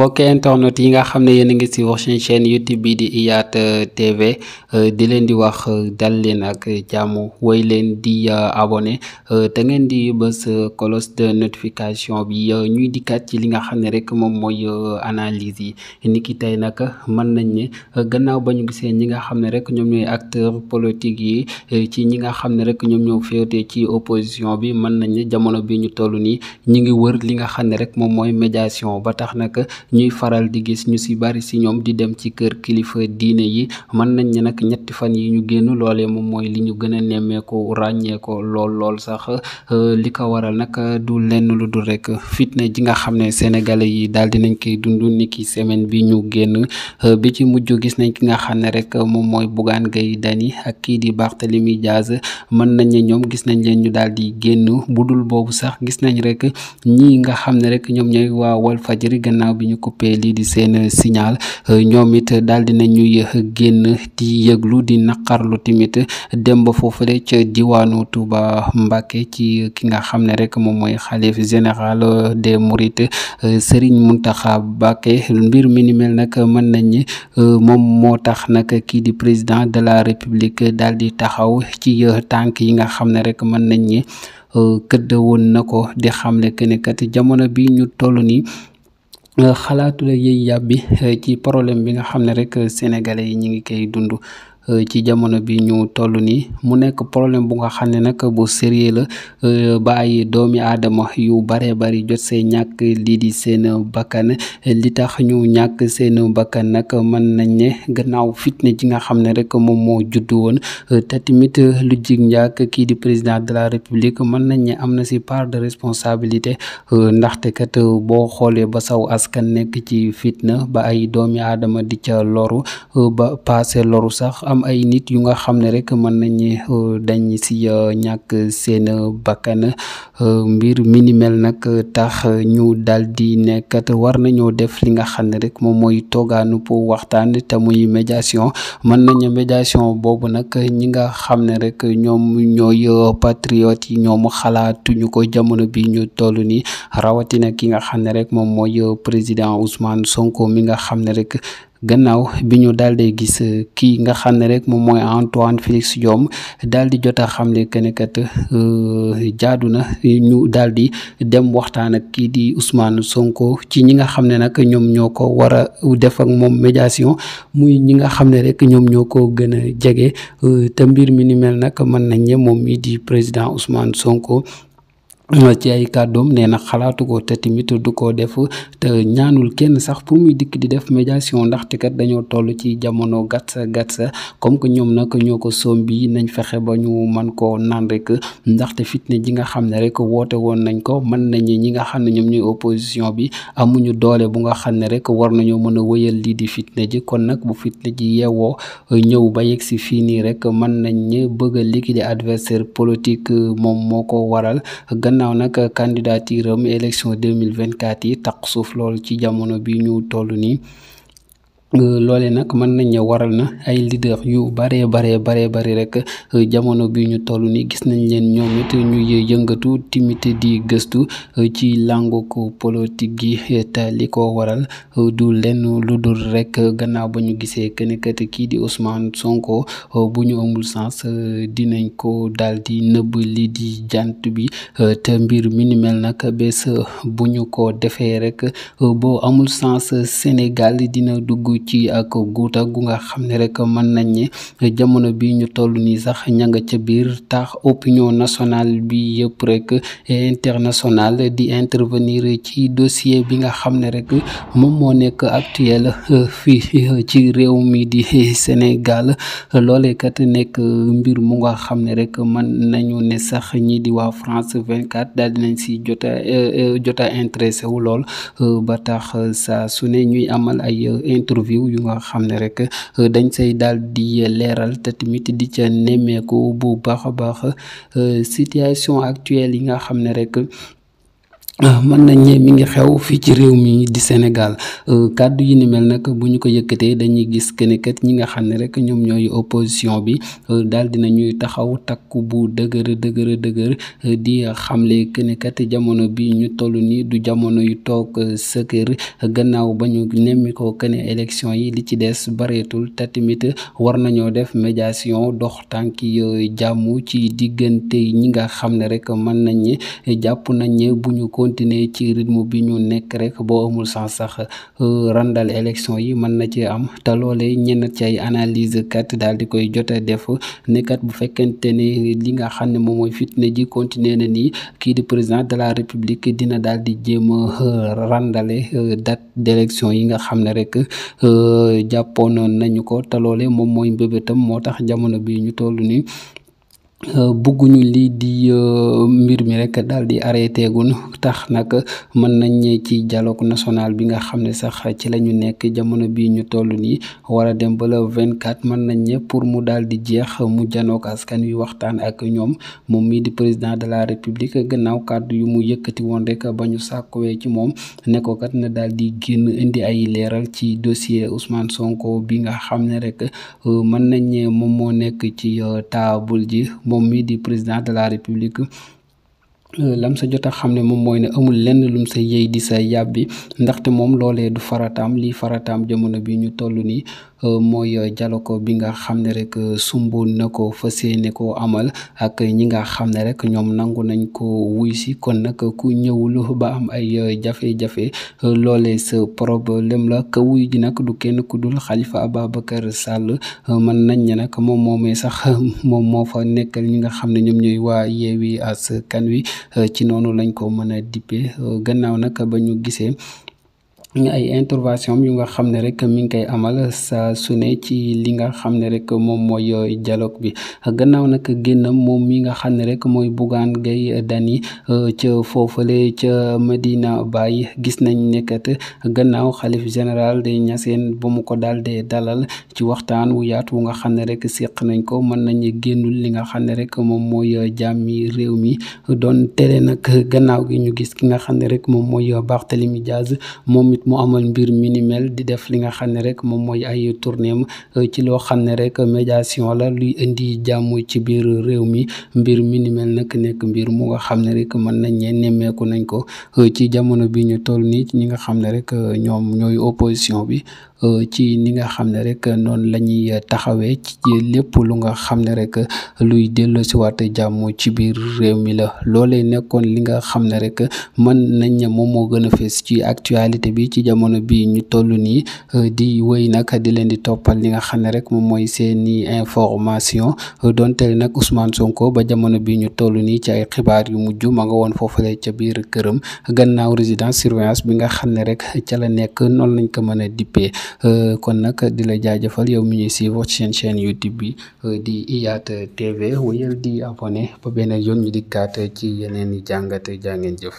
mbokki internet yi nga xam ne yéen a ngi si wax seen chaîne youtube bi di IYAT TV euh, di leen di wax euh, dal leen ak jàmm woy leen di euh, abonné te ngeen di bës cloche de notification bi ñuy dikkaat ci li nga xam ne rek moom mooy analyse yi ni ki tey nag mën nañ ne gannaaw ba ñu gisee ñi nga xam ne rek ñoom ñooy acteur politique yi ci ñi nga xam ne rek ñoom ñoo féete ci opposition bi mën nañ ne jamono bi ñu toll nii ñu ngi wër li nga xam ne rek moom mooy médiation ba tax nag ñuy faral di gis ñu si bari si ñoom di dem ci kër kilifa diine yi mën nañ ne nag ñetti fan yi ñu génn loole moom mooy li ñu gën a nemmeeku ràññee ko lool lool sax li ko waral nag du lenn lu dul rek fitna ji nga xam ne sénégalais yi daal nañ koy dund ni ki semaine bi ñu génn bi ci mujj gis nañ ki nga xam ne rek moom mooy Bougane Gueye Dany ak kii di baax Barthélémy Diaz mën nañ ne ñoom gis nañ leen ñu daal di bu dul boobu sax gis nañ rek ñi nga xam ne rek coupé lii di seen euh, signal euh, ñoomit it daal di nañuy génn di yëglu di naqarlu tamit dem ba foofule ca diwaanu Touba Mbacké ci ki nga xam ne rek moom mooy xalif général euh, des Mourides Serigne Mountakha Mbacké mbir mi ni mel nag mën nañ ni moom moo tax nag kii di président de la république daal di taxaw ci tànk yi nga xam ne rek mën nañ ni këdd nako na ko di xamle que ne kat bi ñu toll nii xalaatu la yëy yàbbi eh, ci problème bi nga xam ne rek eh, sénégalais yi ñu ngi koy dund Euh, ci jamono bi ñu tollu nii mu nekk problème bu nga xam ne nag bu sérieux la euh, ba ay doomi aadama yu baree bari jot see ñàkk lii di seen bakkan li tax ñu ñàkk seen bakkan nag mën nañ ne gannaaw fitna ji nga xam ne rek moom moo juddu woon euh, te tamit lu jig njàkk kii di président de la république mën nañ ne am na si part de responsabilité ndaxte kat boo xoolee ba saw askan nekk ci fitna ba ay doomi aadama di ca loru ba passé loru sax ay nit yu nga xam ne rek mën nañu euh, dañ si euh, ñàkk seen bakkan euh, mbir mi ni nag tax ñu daal di nekkat war nañoo def li nga xam ne rek moom mooy toogaanu pour waxtaan te muy médiation mën nañu médiation boobu nag ñi nga xam ne rek ñoom ñooy patriote yi ñoom xalaatuñu ko jamono bi ñu toll nii rawatina ki nga xam ne rek moom mooy président Ousmane Sonko mi nga xam ne rek gannaaw bi ñu daal di gis euh, kii nga xam ne rek moom mooy Antoine Félix joom daal di jot a xam ne que ne kat euh, jaadu na ñu daal di dem waxtaan ak kii di Ousmane Sonko ci ñi nga xam ne nag ñoom ñoo ko war a def moom médiation muy ñi nga xam ne rek ñoom ñoo ko gën a jege euh, te mbir mi ni mel nag mën nañ ne moom mii di président Ousmane Sonko. ci ay kàddoom nee na xalaatu ko te tamit du ko def te ñaanul kenn sax pour muy dikk di def médiation ndaxte kat dañoo toll ci jamono gatsa gatsa comme que ñoom nag ñoo ko soom bi nañ fexe ba ñu man ko naan rek ndaxte fitne ji nga xam ne rek woote woon nañ ko mën nañu ñi nga xam ne ñoom ñuy opposition bi amuñu doole bu nga xam ne rek war nañoo mën a wëyal lii di fitna ji kon nag bu fitna ji yeewoo ñëw ba yegg si fii nii rek mën nañ bëgg a liquider adversaire moom moo gannaaw nag candidature am vingt 2024 yi taq suuf lool ci jamono bi ñu toll nii Euh, loole nag mën nañ ne waral na ay leader yu baree baree baree bari rek euh, jamono bi ñu toll ni gis nañ leen ñoom it ñu yëngatu timit di gëstu euh, ci làngu politique gi te li ko waral du lenn lu dul rek gannaaw ba ñu gisee kënekat kii di Ousmane Sonko bu ñu amul sens dinañ ko daal di nëbb lii di jant bi te mbir mi ni nag bés bu ñu ko defee rek boo amul sens Sénégal dina dugg ci ak guuta gu nga xam ne rek mën nañ ñi ne jamono bi ñu toll nii sax ña nga ca biir tax opinion nationale bi yëpp rek internationale di intervenir ci dossier bi nga xam ne rek moom moo nekk actuel euh, fii euh, ci réew mi di Sénégal loolee kat nekk mbir mu nga xam ne rek mën nañu ne sax ñii di waa France vingt 24 daal dinañ si jota euh, jota intéressé wu lool ba tax saa su ne ñuy amal ay interview yu nga xam ne rek euh, dañ say daal di leeral te tamit di ca nemmeeku bu baax a baax euh, situation actuelle yi nga xam ne rek Ah, mën nañ ne mi ngi xew fii ci réew mi di Sénégal euh, kàddu yi ni mel nag bu ñu ko yëkkatee dañuy gis que ne kat ñi nga xam ne rek ñoom ñooy opposition bi euh, daal na ñuy taxaw takku bu dëgër dëgër dëgër euh, di xamle que ne jamono bi ñu toll nii du jamono yu toog sa gannaaw ba ñu nemmi ko que ne élection yi li ci des bareetul te war nañoo def médiation dox tànki jàmm ci diggante ñi nga xam ne rek mën nañ ne jàpp nañ ne bu ñu ko continuer ci rythme bi ñu nekk rek boo amul sens sax euh, randal élection yi mën na ci am te loolee ñenn ci ay analyse kat daal di koy jote a def ne bu fekkente ne li nga xam ne moom mooy fitne ji continuer na nii kii di président de la république dina daal di jéem a euh, randale euh, date d'élection yi nga xam ne rek jàppoon nañu ko te loolee moom mooy mbébétam moo tax jamono bi ñu toll nii Euh, bëgguñu lii di euh, mbir mi rek daal di arrêté gun tax nag mën nañ ci dialogue national bi nga xam ne sax ci la ñu nekk jamono bii ñu toll nii war a dem bala le 24 mën nañ ne pour mu daal di jeex mu janook askan wi waxtaan ak ñoom moom mii di président de la république gannaaw kàddu yu mu yëkkati woon rek ba ñu sàkkuwee ci moom ne ko kat na daal di génn indi ay leeral ci dossier Ousmane Sonko bi nga xam ne rek euh, mën nañ ne moom moo nekk ci taabul ji. moom mii di président de la république euh, lam sa jot a xam ne moom mooy ne amul lenn lum sa yëy di sa yàbbi ndaxte moom loolee du farataam lii farataam jamono bi ñu toll nii Euh, mooy ko euh, bi nga xam ne rek euh, sumboon na ko fas yéene ko amal ak ñi nga xam ne rek ñoom nangu nañ ko wuy si kon nag ku ñëwul ba am ay jafe-jafe loolee sa lem la ka wuy ji nag du kenn ku dul Khalifa Ababacar Sall man nañ ne nag moom moomee sax moom moo fa nekkal ñi nga xam ne ñoom ñooy waa Yewwi kan Wi ci noonu lañ ko mën a dippe gannaaw nag ba ñu gisee ay intervention yu nga xam ne rek mi ngi koy amal su ne ci li nga xam ne rek moom mooy dialogue bi gannaaw nag génnam moom mi nga xam ne rek mooy Bougane Gueye Dany euh, ca foofale ca Medina Baye gis nañ nekkat gannaaw xalif général de Niassène ba mu ko daal de dalal ci waxtaan wu yaatu nga xam ne rek seq nañ ko mën nañ génnul li nga xam ne rek moom mooy jàmmi réew mi doon ñu gis ki nga xam rek moom mooy mu amal mbir minimel di def li nga xam ne rek moom mooy ay tournéem euh, ci loo xam ne rek médiation la luy indi jàmm ci biir réew mi mbir mi ni nag nekk mbir mu nga xam ne rek mën nañ ñee nemmeeku nañ ko euh, ci jamono bi ñu toll nii ñi nga xam ne rek euh, ñoom ñooy opposition bi Euh, ci ni nga xam ne rek noonu la ñuy taxawee ci lépp lu nga xam ne rek luy delloosiwaat jàmm ci biir réew mi la loole nekkoon li nga xam ne rek mën nañ moom moo gën a fees ci actualité bi ci jamono bi ñu toll nii euh, di wéy nag di leen di toppal li nga xam ne rek moom mooy seeni information donte nag Ousmane Sonko ba jamono bi ñu toll nii ci ay xibaar yu mujj ma nga woon foofule ca biir këram gannaaw résidence surveillance bi nga xam ne rek ca la nekk noonu lañ ko mën a dippee Euh, kon nag di la jaajëfal yow mi ñuy suivre ci seen chaîne YouTube bi euh, di IYAT TV wéyal di abonné ba beneen yoon ñu dikkaat ci yeneen i jàngat jaa ngeen jëf.